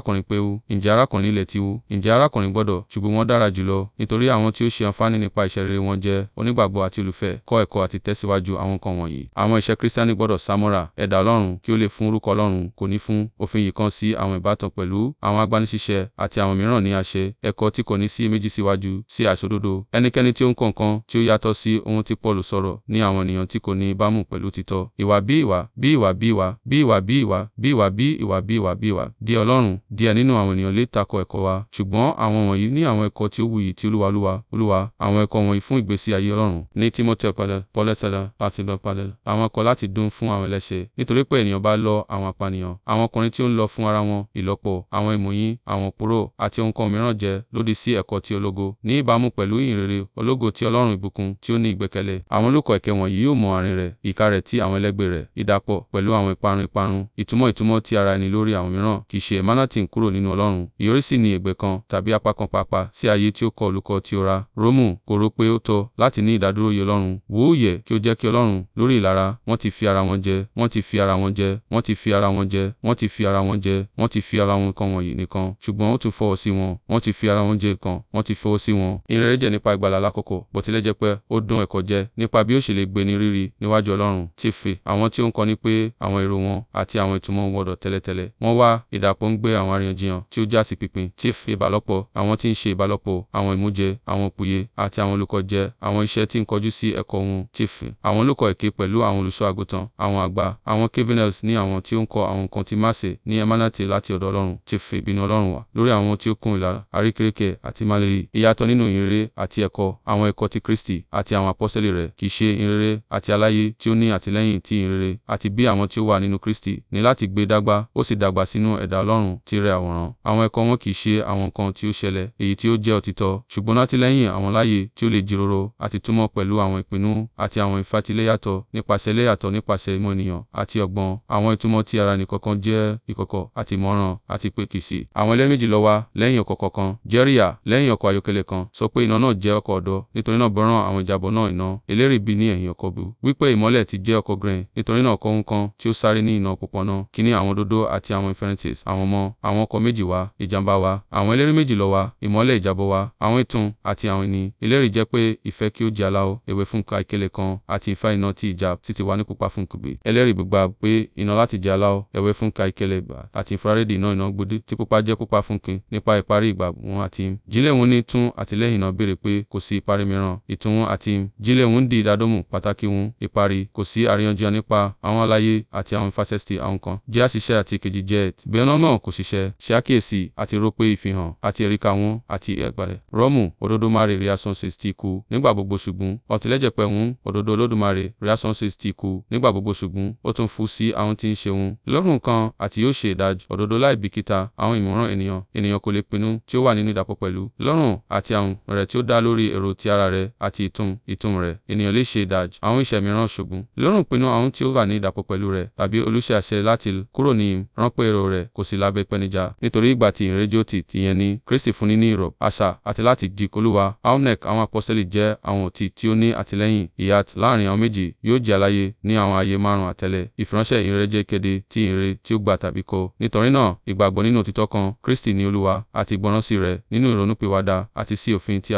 arákùnrin pé ó, ǹjẹ́ arákùnrin ilẹ̀ ti hu, ǹjẹ́ arákùnrin gbọ́dọ̀, ṣùgbọ́n wọ́n dára jùlọ, nítorí àwọn tí ó ṣe àǹfààní nípa iṣẹ́ rere wọn jẹ́ onígbàgbọ́ àti olùfẹ́, kọ́ ẹ̀kọ́ àti tẹ̀síwájú àwọn nǹkan wọ̀nyí. Àwọn iṣẹ́ Kristiani gbọ́dọ̀ sámọ́ra ẹ̀dá Ọlọ́run kí ó lè fún orúkọ Ọlọ́run, kò ní fún òfin yìí kan sí àwọn ìbátan pẹ̀lú àwọn agbanisíṣẹ́ àti àwọn mìíràn ní àṣẹ, ẹ̀kọ́ tí kò ní sí iyèméjì síwájú sí àìṣòdodo. Ẹnikẹ́ni tí ó ń kọ́ nǹkan tí ó yàtọ̀ sí ohun tí Paulu sọ̀rọ̀ ní àwọn ènìyàn tí kò ní ìbámu pẹ̀lú òtítọ́. Ìwà bí ìwà, bí ìwà bí ìwà, bí ìwà bí ìwà, bí ìwà bí ìwà bí ìwà bí ìwà, di Ọlọ́run. Díẹ̀ nínú àwọn ènìyàn lè tako ẹ̀kọ́ wa, ṣùgbọ́n àwọn wọ̀nyí ní àwọn ẹ̀kọ́ tí ó wuyì ti Olúwa Olúwa, Olúwa, àwọn ẹ̀kọ́ wọ̀nyí fún ìgbésí ayé Ọlọ́run. Ní Tímóteo padà, Pọ́lẹ́tẹ́lá, àti lọ padà, àwọn ẹ̀kọ́ láti dún fún àwọn ẹlẹ́ṣẹ̀, nítorí pé ènìyàn bá lọ àwọn apànìyàn, àwọn ọkùnrin tí ó ń lọ fún ara wọn, ìlọ́po, àwọn ìmòyí, àwọn òpùrọ́, àti ohunkóhun mìíràn jẹ lòdì sí ẹ̀kọ́ ti ológo, ní ìbámu pẹ̀lú ìyìnrere ológo ti Ọlọ́run ìbùkún tí ó ní ìgbẹ́kẹ̀lé. Àwọn olùkọ́ ẹ̀kẹ́ wọ̀nyí yóò mọ àárín rẹ̀, ìkà rẹ̀ ti àwọn ẹlẹgbẹ́ rẹ̀, ìdàpọ̀ pẹ̀lú àwọn ìparun ìparun, ìtumọ̀ ìtumọ̀ ti ara ẹni lórí àwọn mìíràn, kì í ṣe ìmánà sì ń kúrò nínú Ọlọ́run. Ìyọrísí ni ègbè kan tàbí apá kan pàápàá sí ayé tí ó kọ olùkọ́ tí ó ra. Rómù kò rò pé ó tọ́ láti ní ìdádúró yẹ Ọlọ́run. Wò ó yẹ kí ó jẹ́ kí Ọlọ́run lórí ìlara. Wọ́n ti fi ara wọn jẹ, wọ́n ti fi ara wọn jẹ, wọ́n ti fi ara wọn jẹ, wọ́n ti fi ara wọn jẹ, wọ́n ti fi ara wọn kan wọ̀nyí nìkan. Ṣùgbọ́n ó tún fọwọ́ sí wọn. Wọ́n ti fi ara wọn jẹ kan, wọ́n ti fọwọ́ sí wọn. Ìrere jẹ́ nípa ìgbàlà lákòókò, bó tilẹ̀ jẹ́ pé ó dún ẹ̀kọ́ jẹ nípa bí ó ṣe lè gbé ní rírì níwájú Ọlọ́run. Ti fi àwọn tí ó ń kọ́ni pé àwọn èrò wọn àti àwọn ìtumọ̀ wọn gbọdọ̀ tẹ́lẹ̀tẹ́lẹ̀. Wọ́n wá ìdàpọ̀ ń gbé àwọn àwọn àríyànjiyàn tí ó jásí pínpín, tí ń fa ìbálòpọ̀, àwọn tí ń ṣe ìbálòpọ̀, àwọn ìmújẹ, àwọn òpùyẹ, àti àwọn olùkọ́jẹ́, àwọn iṣẹ́ tí ń kọjú sí ẹ̀kọ́ wọn, tí ń fa àwọn olùkọ́ èké pẹ̀lú àwọn olùṣọ́-àgùntàn, àwọn àgbà, àwọn Caveniels ní àwọn tí ó ń kọ àwọn nǹkan tí Mose ní ẹ̀mánàtì láti ọ̀dọ̀ Ọlọ́run, tí ń ìbínú Ọlọ́run wá lórí àwọn tí ó kùn ìlara, àrékérekè àti ìmàlẹ́yìn, ìyàtọ̀ nínú ìyìnrere àti ẹ̀kọ́, àwọn ẹ̀kọ́ ti Kristi àti àwọn apọ́sítélì rẹ̀ kì í ṣe ìyìnrere àti aláyé tí ó ní àtìlẹ́yìn ti ìyìnrere, àti bí àwọn tí ó wà nínú Kristi ní láti gbé e dàgbà, ó sì dàgbà sínú ẹ̀dá Ọlọ́run ti rẹ àwòrán. Àwọn ẹ̀kọ́ wọn kì í ṣe àwọn nǹkan tí ó ṣẹlẹ̀, èyí tí ó jẹ́ òtítọ́, ṣùgbọ́n látìlẹ́yìn àwọn láàyè tí ó lè jíròrò àti túmọ̀ pẹ̀lú àwọn ìpinnu àti àwọn ìfàtíléyàtọ̀ nípasẹ̀ iléyàtọ̀ nípasẹ̀ ìmọ̀ ènìyàn àti ọgbọ́n. Àwọn ìtumọ̀ ti ara ẹnìkọ̀ọ̀kan jẹ́ ìkọ̀kọ̀ àti ìmọ̀ràn àti ìpèkìsí. Àwọn ẹlẹ́rìndì lọ wá lẹ́yìn ọkọ̀ kọ̀ọ̀kan. Jeriah, lẹ́yìn ọkọ̀ ayọ́kẹ́lẹ́ kan, sọ pé iná náà jẹ́ ọkọ̀ ọ̀dọ́, nítorí náà bọ́ràn àwọn ìjábọ̀ náà iná. Ẹlẹ́rìí bí ní ẹ̀yìn ọkọ̀ bú, wípé ìmọ́lẹ̀ ti jẹ́ ọkọ̀ grẹ̀, nítorí náà ọkọ̀ ń kan tí ó sáré ní iná òpópónà. Kíni àwọn òdodo àti àwọn inferences, àwọn ọmọ, àwọn ọkọ̀ méjì wa, ìjàmbá wa, àwọn ẹlẹ́rìí méjì lọ wa, ìmọ́lẹ̀ ìjábọ̀ wa, àwọn ìtàn àti àwọn ẹni. Ìlérí jẹ́ pé ìfẹ́ kí ó jẹ́ aláwọ̀ ewé fún ka ìkélé kan àti ìfẹ́ iná ti ìjà títí wà ní pupa fún kùgbì. Ẹlẹ́rìí gbogbo pé iná láti jẹ́ aláwọ̀ ewé fún ka ìkélé ìgbà àti ìfúrárédì iná iná gbòdì tí pupa jẹ́ pupa fún kin nípa ìparí ìgbà wọn àti im. Jílẹ̀ wọn ní tún àtìlẹ́yìn náà béèrè pé kò sí ìparí mìíràn. Ìtún wọn àti Jílẹ̀ wọn di ìdádọ́mù pàtàkì wọn ìparí kò sí àríyànjiyàn nípa àwọn àlàyé àti àwọn ìfàsẹ́sì àwọn kan. Jẹ́ àṣìṣe àti ìkejì jẹ́ bẹ́ẹ̀ náà kò ṣiṣẹ́ jẹ́, ṣàkíyèsí àti rò pé ìfihàn àti èríkà wọn àti ẹ̀gbàrẹ̀. Rọ́mù, òdodo mare reasonsis ti kú nígbà gbogbo ṣùgbọ́n, ọ̀tìlẹ́jẹ̀ pẹ̀ wọ́n, òdodo olódùmarè reasonsis ti kú nígbà gbogbo ṣùgbọ́n, ó tún fún sí àwọn tí ń ṣe wọn. Lọ́rùn kan àti yóò ṣe ìdájọ́, òdodo láìbìkítà àwọn ìmọ̀ràn ènìyàn, ènìyàn kò lè pinnu tí ó wà nínú ìdàpọ̀ pẹ̀lú. Lọ́rùn àti àwọn rẹ̀ tí ó dá lórí èrò ti ara rẹ̀ àti ìtún, ìtún rẹ̀, ènìyàn lè ṣe ìdájọ́ àwọn iṣẹ́ mìíràn ṣùgbọ́n. Lọ́rùn pinnu àwọn tí ó wà ní ìdàpọ̀ pẹ̀lú rẹ̀ tàbí olùṣe àṣẹ láti kúrò ní ìpèníjà nítorí ìgbà tí ìrẹ́jọ́ ti tìyẹn ní Kristi fúnni ní ìrọ̀ àṣà àti láti di kolúwa. Aonek àwọn apọ́sẹ́lì jẹ́ àwọn òtí tí ó ní àtìlẹ́yìn ìyàt láàrin àwọn méjì yóò jẹ́ aláyé ní àwọn ayé márùn-ún àtẹ̀lé. Ìfiránṣẹ́ ìrẹ́jẹ́ kéde ti ìre tí ó gbà tàbí kọ̀. Nítorí náà, ìgbàgbọ́ nínú òtítọ́ kan, Kristi ní Olúwa, àti ìgbọràn sí rẹ̀ nínú ìrònúpìwàdà àti sí òfin ti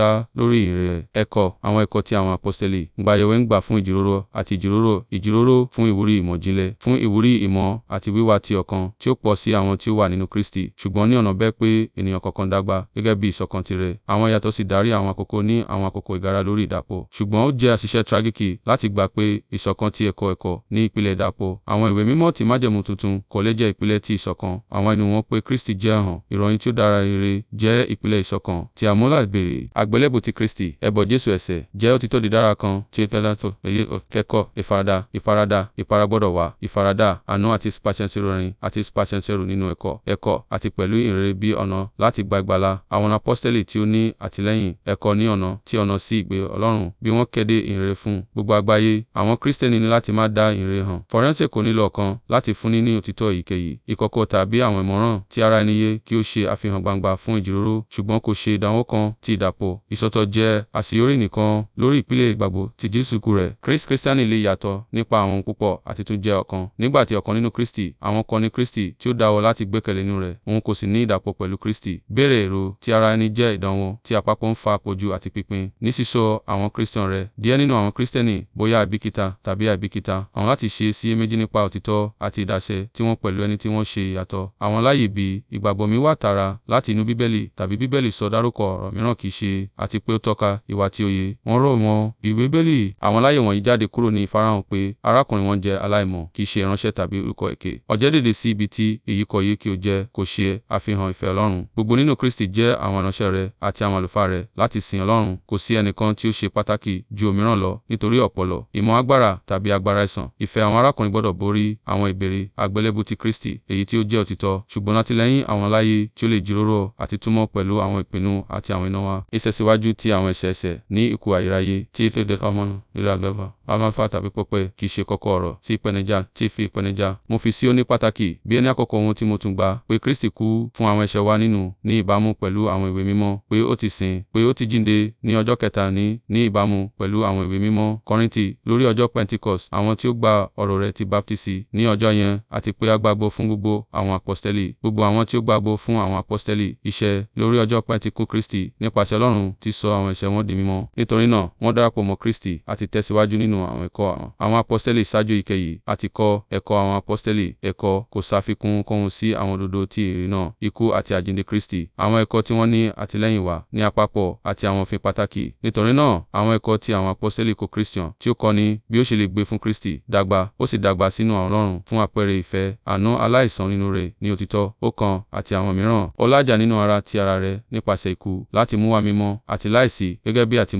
dá àwọn ẹ̀kọ́ tí àwọn apọ́sẹ̀lì gbàyẹ̀wò ń gbà fún ìjíròrò àti ìjíròrò ìjíròrò fún ìwúrí ìmọ̀ jinlẹ̀ fún ìwúrí ìmọ̀ àti wíwá ti ọkàn tí ó pọ̀ sí àwọn tí ó wà nínú Kristi ṣùgbọ́n ní ọ̀nà bẹ́ẹ̀ pé ènìyàn kọ̀ọ̀kan dàgbà gẹ́gẹ́ bí ìṣọ̀kan tirẹ̀ àwọn ìyàtọ̀ sì darí àwọn àkókò ní àwọn àkókò ìgara lórí ìdàpọ̀ ṣùgbọ́n ó jẹ́ àṣìṣe tragiki láti gbà pé ìṣọ̀kan ti ẹ̀kọ́ ẹ̀kọ́ ní ìpìlẹ̀ ìdàpọ̀ àwọn ìwé mímọ́ ti májẹ̀mú tuntun kò lè jẹ́ ìpìlẹ̀ ti ìṣọ̀kan àwọn ẹnu wọn pé Kristi jẹ́ ẹ̀hàn ìròyìn tí ó dára rere jẹ́ ìpìlẹ̀ ìṣọ̀kan tí àmúlà béèrè ti Kristi ẹbọ Jésù ẹ̀ṣẹ̀ rẹ̀ jẹ́ òtítọ́ dídára kan tí pẹ́lẹ́tò èyí ò kẹ́kọ̀ọ́ ìfaradà ìfaradà ìfara gbọ́dọ̀ wà ìfaradà àánú àti ìsìpàṣẹ́nsẹ́rò rìn àti ìsìpàṣẹ́nsẹ́rò nínú ẹ̀kọ́ ẹ̀kọ́ àti pẹ̀lú ìrere bí ọ̀nà láti gba ìgbàlà àwọn apọ́stẹ́lì tí ó ní àtìlẹ́yìn ẹ̀kọ́ ní ọ̀nà tí ọ̀nà sí ìgbé Ọlọ́run bí wọ́n kéde ìrere fún gbogbo àgbáyé àwọn Kristẹni ní láti máa dá ìrere hàn Fọrẹ́nsì kò nílò ọ̀kan láti fúnni ní òtítọ́ èyíkéyìí ìkọ̀kọ̀ tàbí àwọn ìmọ̀ràn tí ara ẹni yé kí ó ṣe àfihàn gbangba fún ìjíròrò ṣùgbọ́n kò ṣe ìdánwò kan ti ìdàpọ̀ ìsọ̀tọ̀ jẹ́ àṣeyọrí nìkan kan lórí ìpìlẹ̀ ìgbàgbọ́ ti Jésù kú rẹ̀. Christ Christiani lè yàtọ̀ nípa àwọn púpọ̀ àti tún jẹ́ ọ̀kan. Nígbà tí ọ̀kan nínú Kristi, àwọn kan ní Kristi tí ó dáwọ́ láti gbẹ́kẹ̀lé inú rẹ̀, òun kò sì ní ìdàpọ̀ pẹ̀lú Kristi. Béèrè èrò ti ara ẹni jẹ́ ìdánwò tí àpapọ̀ ń fa àpọ̀jù àti pínpín. Ní sísọ àwọn Christian rẹ̀, díẹ̀ nínú àwọn Kristẹni, bóyá àìbìkítà tàbí àìbìkítà, àwọn láti ṣe síyèméjì nípa òtítọ́ àti ìdáṣẹ tí wọ́n pẹ̀lú ẹni tí wọ́n ṣe ìyàtọ̀. Àwọn láyè bí ìgbàgbọ́ mi wá tààrà láti inú Bíbélì tàbí Bíbélì sọ dárúkọ ọ̀rọ̀ mìíràn kì í ṣe, àti pé ó tọ́ka ìwà tí ó wọ́n rọ̀ wọ́n bí Bíbélì. Àwọn aláyè wọ̀nyí jáde kúrò ní ìfarahàn pé arákùnrin wọn jẹ́ aláìmọ́, kì í ṣe ìránṣẹ́ tàbí orúkọ èké. Ọ̀jẹ̀ dìde sí ibi tí èyíkéyìí kí ó jẹ́ kó ṣe àfihàn ìfẹ́ Ọlọ́run. Gbogbo nínú Kristi jẹ́ àwọn ìránṣẹ́ rẹ̀ àti àwọn àlùfáà rẹ̀ láti sin Ọlọ́run. Kò sí ẹnìkan tí ó ṣe pàtàkì ju òmíràn lọ nítorí ọpọlọ, ìmọ̀ agbára tàbí agbára ẹ̀sàn. Ìfẹ́ àwọn arákùnrin gbọ́dọ̀ borí àwọn ìbéèrè àgbélébù ti Kristi, èyí tí ó jẹ́ òtítọ́, ṣùgbọ́n látìlẹ́yìn àwọn aláyè tí ó lè jíròrò àti túmọ̀ pẹ̀lú àwọn ìpinnu àti àwọn ìnáwó. Ìṣẹ̀síwájú ti àwọn ẹ̀ṣẹ̀ ẹ̀ṣẹ̀ ní ikú ikú ayérayé tí ìkéde ọmọ ìlú àgbẹ̀fà. Amáfà tàbí pẹpẹ kì í ṣe kọ́kọ́ ọ̀rọ̀ tí ìpèníjà tí fi ìpèníjà. Mo fi sí ó ní pàtàkì bí ẹni àkọ́kọ́ ohun tí mo tún gbà pé Kristi kú fún àwọn ẹ̀ṣẹ̀ wa nínú ní ìbámu pẹ̀lú àwọn ìwé mímọ́ pé ó ti sìn pé ó ti jíǹde ní ọjọ́ kẹta ní ní ìbámu pẹ̀lú àwọn ìwé mímọ́ Kọ́ríńtì lórí ọjọ́ Pentecost àwọn tí ó gba ọ̀rọ̀ rẹ̀ ti baptisi ní ọjọ́ yẹn àti pé a gbàgbọ́ fún gbogbo àwọn apọ́stẹ́lì gbogbo àwọn tí ó gbàgbọ́ fún àwọn apọ́stẹ́lì iṣẹ́ lórí ọjọ́ Pentecost Kristi nípasẹ̀ Ọlọ́run ti sọ àwọn ẹ̀ṣẹ̀ wọn di mímọ́ nítorí Nítorí náà, wọ́n darapọ̀ mọ́ Kristi, àti tẹ̀síwájú nínú àwọn ẹ̀kọ́ àwọn, àwọn apọ́stẹ́lì ṣáájú ìkẹyìn, àti kọ́ ẹ̀kọ́ àwọn apọ́stẹ́lì, ẹ̀kọ́ kò ṣàfikún kóhun sí àwọn òdodo ti ìrírí náà, ikú àti àjíǹde Kristi. Àwọn ẹ̀kọ́ tí wọ́n ní àtìlẹ́yìn wa ní àpapọ̀ àti àwọn òfin pàtàkì. Nítorí náà, àwọn ẹ̀kọ́ ti àwọn apọ́stẹ́lì kò Christian tí ó kọ́ni bí ó ṣe lè gbé fún Kristi, dàgbà, ó sì dàgbà sínú àwọn Ọlọ́run fún àpẹẹrẹ ìfẹ́, àánú aláìsàn nínú rẹ̀ ní òtítọ́, ọkàn àti àwọn mìíràn. Ọlájà nínú ara ti ara rẹ̀ nípasẹ̀ ikú, láti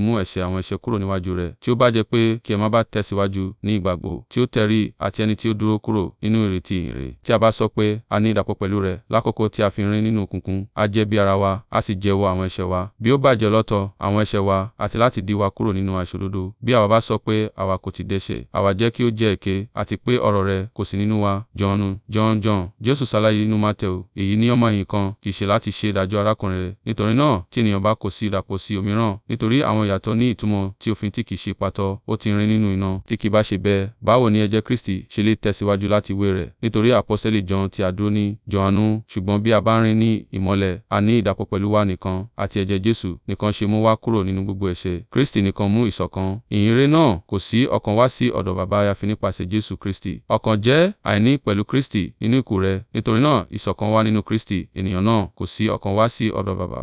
mú ẹ̀ṣẹ̀ àwọn ẹ̀ṣẹ̀ kúrò níwájú rẹ̀, tí ó bá jẹ́ pé kí ẹ má bá tẹ̀síwájú ní ìgbàgbọ́, tí ó tẹrí àti ẹni tí ó dúró kúrò nínú ìrètí ire. Tí a bá sọ pé a ní ìdàpọ̀ pẹ̀lú rẹ̀ lákòókò tí a fi rìn nínú òkùnkùn, a jẹ̀bi ara wa, a sì jẹ́wọ́ àwọn ẹ̀ṣẹ̀ wa, bí ó bàjẹ́ lọ́tọ̀ àwọn ẹ̀ṣẹ̀ wa àti láti dí wa kúrò nínú àìṣòdodo. Bí àwa bá sọ pé àwa kò ti dẹ́ṣẹ̀, àwa jẹ́ kí ó jẹ́ èké àti pé ọ̀rọ̀ rẹ̀ kò sí nínú wa. Jọ̀hánù, Jọ̀hán Jọ̀hán, Jésù ṣàlàyé nínú Mátẹ̀ò, èyí ni ọmọ-ẹ̀yìn kan kì í ṣe láti ṣe ìdájọ́ arákùnrin rẹ̀. Nítorí náà, tí ènìyàn bá kó sí ìdàpọ̀ sí òmíràn, nítorí àwọn ìyàtọ̀ ní ìtumọ̀ tí òfin tí kì í ṣe pàtó, ó ti rìn nínú iná, tí kì bá ṣe bẹ́ẹ̀, báwo ni ẹ̀jẹ̀ Kristi ṣe lè tẹ̀síwájú láti wé rẹ̀? Nítorí aposteli John tí a dúró ní Johanu, ṣùgbọ́n bí a bá rìn ní ìmọ́lẹ̀, a ní ìdàpọ̀ pẹ̀lú wa nìkan, àti ẹ̀jẹ̀ Jesu nìkan ṣe mú wa kúrò nínú gbogbo ẹ̀ṣẹ̀. Kristi nìkan mú ìṣọ̀kan. Ìyìnrere náà kò sí ọkàn wá sí ọ̀dọ̀ Baba àyàfi nípasẹ̀ Jesu Kristi. Ọkàn jẹ́ àìní pẹ̀lú Kristi nínú ikú rẹ̀. Nítorí náà ìṣọ̀kan wà nínú Kristi. Ènìyàn náà kò sí ọkàn wá sí ọ̀dọ̀ Baba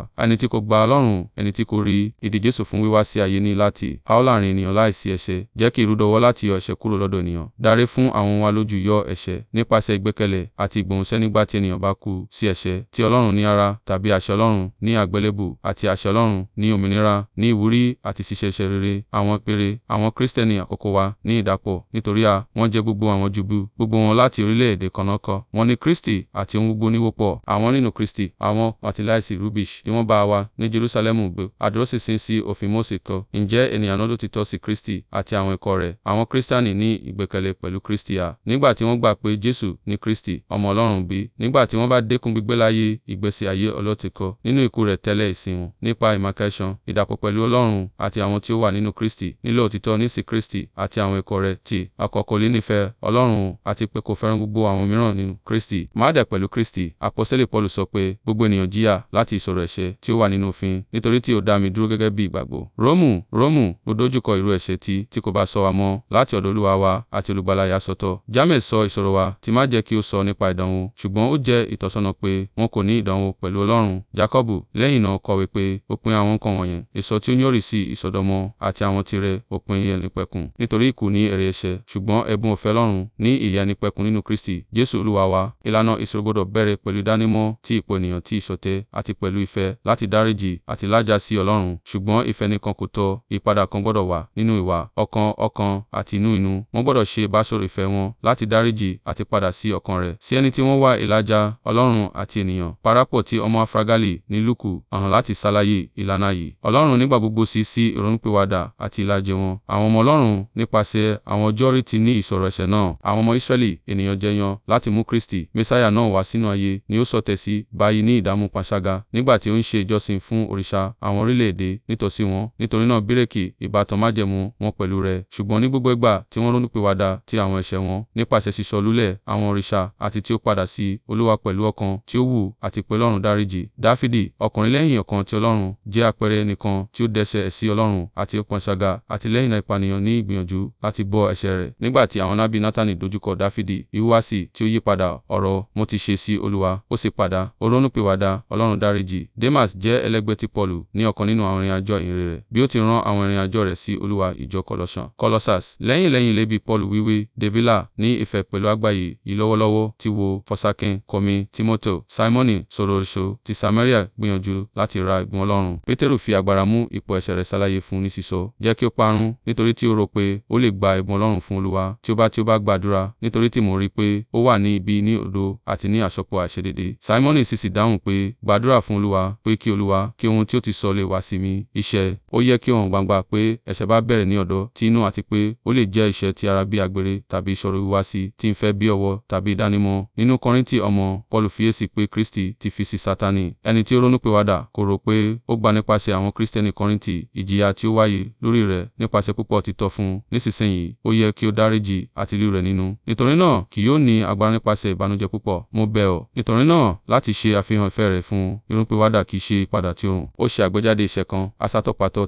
ayé ní láti a ó láàrin ènìyàn láìsí ẹ̀ṣẹ̀. Jẹ́ kí ìrúdọwọ́ láti yọ ẹ̀ṣẹ̀ kúrò lọ́dọ̀ ènìyàn. Dárí fún àwọn ohun alójú yọ ẹ̀ṣẹ̀ nípasẹ̀ ìgbẹ́kẹ̀lé àti ìgbóhùnsẹ́ nígbà tí ènìyàn bá kú sí ẹ̀ṣẹ̀ tí Ọlọ́run ní ara tàbí àṣẹ Ọlọ́run ní àgbélébù àti àṣẹ Ọlọ́run ní òmìnira ní ìwúrí àti ṣíṣe iṣẹ́ rere. Àwọn ìpèrè àwọn Kristẹni àkókò wa ní ìdàpọ̀ nítorí a wọ́n jẹ́ gbogbo àwọn Júbù gbogbo wọn láti orílẹ̀-èdè kannákan. Wọ́n ní Kristi àti ohun gbogbo níwòpọ̀ àwọn nínú Kristi àwọn àti láìsí rubbish tí wọ́n bá wa ní Jerusalem gbé. Àdúróṣinṣin sí òfin Mósè kọ òdodo. Ǹjẹ́ ènìyàn náà lòtítọ́ sí Kristi àti àwọn ẹ̀kọ́ rẹ̀? Àwọn Kírísítánì ní ìgbẹ́kẹ̀lé pẹ̀lú Kristi a. Nígbà tí wọ́n gbà pé Jésù ni Kristi, ọmọ Ọlọ́run bí, nígbà tí wọ́n bá dẹ́kun gbígbé láyé ìgbésí ayé ọlọ́tìkọ nínú ikú rẹ̀ tẹ́lẹ̀ ìsìn wọn, nípa ìmọ̀kẹ́ṣan, ìdàpọ̀ pẹ̀lú Ọlọ́run àti àwọn tí ó wà nínú Kristi, nílò òtítọ́ ní sí Kristi àti àwọn ẹ̀kọ́ rẹ̀ ti àkọ́kọ́ nífẹ̀ẹ́ Ọlọ́run àti pé kò fẹ́ràn gbogbo àwọn mìíràn nínú Kristi. Má dà pẹ̀lú Kristi, Àpọ́sítélì Pọ́ọ̀lù sọ pé gbogbo ènìyàn jìyà láti ìṣòro ẹ̀ṣẹ̀ tí ó wà nínú òfin, nítorí tí ó dá mi dúró gẹ́gẹ́ bí ìgbàgbọ́. Rómù Rómù, Rómù, ó dojúkọ irú ẹ̀ṣẹ̀ tí, tí kò bá sọ wa mọ́, láti ọ̀dọ̀ Olúwa wa àti Olùgbàlà yà sọ́tọ̀. James sọ ìṣòro wa, tí má jẹ́ kí ó sọ nípa ìdánwò, ṣùgbọ́n ó jẹ́ ìtọ́sọ́nà pé wọn kò ní ìdánwò pẹ̀lú Ọlọ́run. Jakọbu, lẹ́yìn náà kọ̀wé pé, òpin àwọn nǹkan wọ̀nyẹn, èso tí ó ní òrìṣì ìsọdọmọ àti àwọn tirẹ̀, òpin ìyẹnìpẹ̀kun. Nítorí ikú ni èrè ẹ̀ṣẹ̀, ṣùgbọ́n ẹ̀bùn ọ̀fẹ́ Ọlọ́run ní ìyẹnìpẹ̀kun nínú Kristi, Jesu Olúwa wa. Ìlànà ìṣirò gbọdọ̀ bẹ̀rẹ̀ pẹ̀lú ìdánimọ̀ ti ipò ènìyàn ti ìṣọ̀tẹ̀ àti pẹ̀lú ìfẹ́ láti dáríjì àti lájà sí Ọlọ́run. Ṣùgbọ́n ìfẹ́ nìkan kò òótọ́, ìpadà kan gbọ́dọ̀ wà nínú ìwà, ọkàn, ọkàn, àti inú inú. Wọ́n gbọ́dọ̀ ṣe ìbáṣọ̀rọ̀ ìfẹ́ wọn láti dáríjì àti padà sí ọkàn rẹ̀. Sí ẹni tí wọ́n wá ìlàjà Ọlọ́run àti ènìyàn. Parapọ̀ tí ọmọ Afragali ní Lúkù hàn láti ṣàlàyé ìlànà yìí. Ọlọ́run nígbà gbogbo sí sí ìrònúpìwàdà àti ìlàjì wọn. Àwọn ọmọ Ọlọ́run nípasẹ̀ àwọn ọjọ́ rí ti ní ìṣòro ẹ̀ṣẹ̀ náà. Àwọn ọmọ Ísírẹ́lì ènìyàn jẹyàn láti mú Kristi, Mẹ́sáyà náà wá sínú ayé ni ó sọ̀tẹ̀ sí báyìí ní ìdààmú panṣágà nígbà tí ó ń ṣe ìjọsìn fún òrìṣà àwọn orílẹ̀-èdè nítòsí wọn nítorí Nítorí náà Bírékì, ìbátan májẹ̀mú wọn pẹ̀lú rẹ̀. Ṣùgbọ́n ní gbogbo ìgbà tí wọ́n ronúpìwàdà ti àwọn ẹ̀ṣẹ̀ wọn nípasẹ̀ sísọ lulẹ̀ àwọn òrìṣà àti tí ó padà sí Olúwa pẹ̀lú ọkàn tí ó wú àti pé Ọlọ́run dáríjì. Dafidi, ọkùnrin lẹ́yìn ọkàn ti Ọlọ́run, jẹ́ àpẹẹrẹ ẹnìkan tí ó dẹ́ṣẹ̀ ẹ̀sí Ọlọ́run àti panṣágà àti lẹ́yìn náà ìpànìyàn ní ìgbìyànjú láti bọ́ ẹ̀ṣẹ̀ rẹ̀. Nígbà tí àwọn nábì Natani dojúkọ Dafidi, ìhùwàsí tí ó yípadà ọ̀rọ̀ mo ti ṣe sí Olúwa, ó sì padà, ó ronúpìwàdà, Ọlọ́run dáríjì. Demas jẹ́ ẹlẹgbẹ́ ti Paulu ní ọ̀kan nínú àwọn ìrìnàjò ìhìnrere ti rán àwọn ìrìnàjò rẹ̀ sí Olúwa ìjọ Colossian. Colossas lẹ́yìn lẹ́yìn lébi Paul wíwé Devila ní ìfẹ́ pẹ̀lú àgbáyé yìí lọ́wọ́lọ́wọ́ ti wo Fọsákin, Kọ́mi, Tímótò, Simoni, Sororiṣo ti Samaria gbìyànjú láti ra ìgbọ́n Ọlọ́run. Pétérù fi agbára mú ipò ẹ̀ṣẹ̀ rẹ̀ ṣàlàyé fún ní sísọ, jẹ́ kí ó parun nítorí tí ó rò pé ó lè gba ìgbọ́n Ọlọ́run fún Olúwa tí ó bá tí ó bá gbàdúrà nítorí tí mo rí pé ó wà ní ibi ní odò àti ní àsopọ̀ àìṣedédé. Simoni sì sì dáhùn pé gbàdúrà fún Olúwa pé kí Olúwa kí ohun tí ó ti sọ lè wá sí mi. Iṣẹ́ ó yẹ kí ó hàn gbangba pé ẹ̀ṣẹ̀ bá bẹ̀rẹ̀ ní ọ̀dọ̀ ti inú àti pé ó lè jẹ́ iṣẹ́ ti ara bí àgbèrè tàbí ìṣòro ìhùwàsí tí ń fẹ́ bí ọ̀wọ̀ tàbí ìdánimọ̀. Nínú Kọ́ríńtì ọmọ, Paulu fiyèsí pé Kristi ti fi sí Satani. Ẹni tí ó ronúpìwàdà kò rò pé ó gba nípasẹ̀ àwọn Kristẹni Kọ́ríńtì ìjìyà tí ó wáyé lórí rẹ̀ nípasẹ̀ púpọ̀ títọ́ fún. Nísinsìnyí, ó yẹ kí ó dáríjì àti rí rẹ̀ nínú. Nítorí náà, kì yóò ní agbára nípasẹ̀ ìbànújẹ́ púpọ̀. Mo bẹ̀ ọ́, nítorí náà, láti ṣe àfihàn ìfẹ́ rẹ̀ fún un. kì í ṣe ìpadà tí òòrùn. Ó ṣe àgbéjáde iṣẹ́ kan,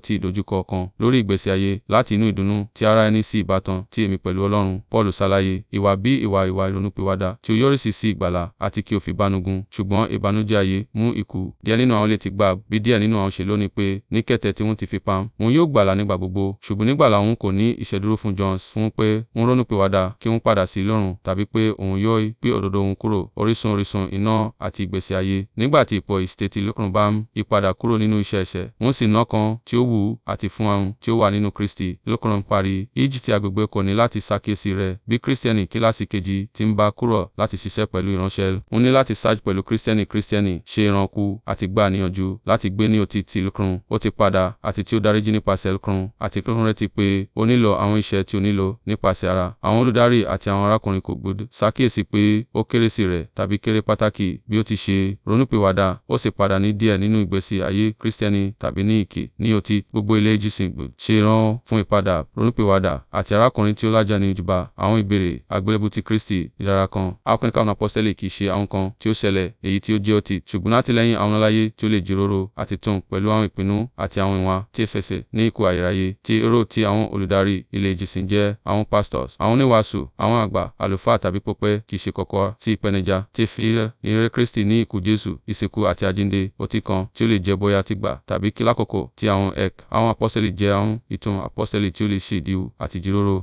ti ìdojúkọ kan lórí ìgbésí ayé láti inú ìdùnnú ti ara ẹni sí ìbátan tí èmi pẹ̀lú Ọlọ́run. Paulu ṣàlàyé ìwà bí ìwà ìwà ìrònúpìwàdà tí ó yọrísí sí ìgbàlà àti kí o fi bánugun. Ṣùgbọ́n ìbànújẹ́ ayé mú ikú. Díẹ̀ nínú àwọn lè ti gbà bí díẹ̀ nínú àwọn ṣe lónìí pé ní kété tí wọ́n ti fi pam, wọn yóò gbàlà nígbà gbogbo. Ṣùgbọ́n nígbàlà òun kò ní ìṣedúró fún Jones fún pé ń ronúpìwàdà kí òun padà sí Ọlọ́run tàbí pé òun yóò gbé òdodo òun kúrò. Orísun orísun iná àti ìgbésí ayé. Nígbà tí ipò ìsítẹ́tì lọ́kùnrin bá ń yípadà kúrò nínú iṣẹ́ ẹ̀ṣẹ̀, wọ́n sì ná tí ó wù ú ikú àti fún ahun tí ó wà nínú Kristi. Lókùnrin parí, Íjí ti agbègbè kò ní láti ṣàkíyèsí rẹ̀. Bí Kristiani kíláàsì kejì ti ń bá kúrò láti ṣiṣẹ́ pẹ̀lú ìránṣẹ́, ó ní láti ṣáájú pẹ̀lú Kristiani Kristiani ṣe ìrànkú àti gbà níyànjú láti gbé ní òtítì lókùnrin. Ó ti padà àti tí ó dáríjì nípasẹ̀ lókùnrin àti lókùnrin rẹ̀ ti pé ó nílò àwọn iṣẹ́ tí ó nílò nípasẹ̀ ara. Àwọn olùdarí àti àwọn arákùnrin kò gbọdọ̀ ṣàkíyèsí pé ó kéré sí rẹ̀ tàbí kéré pàtàkì bí ó ti ṣe ronúpìwàdà ó sì padà ní díẹ̀ nínú ìgbésí ayé Kristiani tàbí ní ìkè ní òtí gbogbo ilé jísìn ṣe ìran fún ìpadà, ronúpìwàdà, àti arákùnrin tí ó lájà ní ìjúbà. Àwọn ìbéèrè àgbélébù ti Kristi, ìdára kan. Àwọn kan apọ́sítélì kì í ṣe àwọn kan tí ó ṣẹlẹ̀, èyí tí ó jẹ́ ọtí, ṣùgbọ́n látìlẹ́yìn àwọn aláyé tí ó lè jíròrò àti tún pẹ̀lú àwọn ìpinnu àti àwọn ìwà tí ẹ̀fẹ̀fẹ̀ ní ikú àyíráyé tí èrò tí àwọn olùdarí ilé ìjọsìn jẹ́ àwọn pastors, àwọn oníwàásù, àwọn àgbà, àlùfáà tàbí pópẹ́ kì í ṣe kọ̀kọ́ tí ìpèníjà ti fi ìrere Kristi ní ikú Jésù, ìsìnkú àti àjíǹde, ọtí kan tí ó lè jẹ́ bóyá ti gbà tàbí kí lákòókò tí àwọn ẹ̀ka Àwọn aposteli jẹ́ ohun ìtàn aposteli tí ó lè ṣe àti ìjíròrò.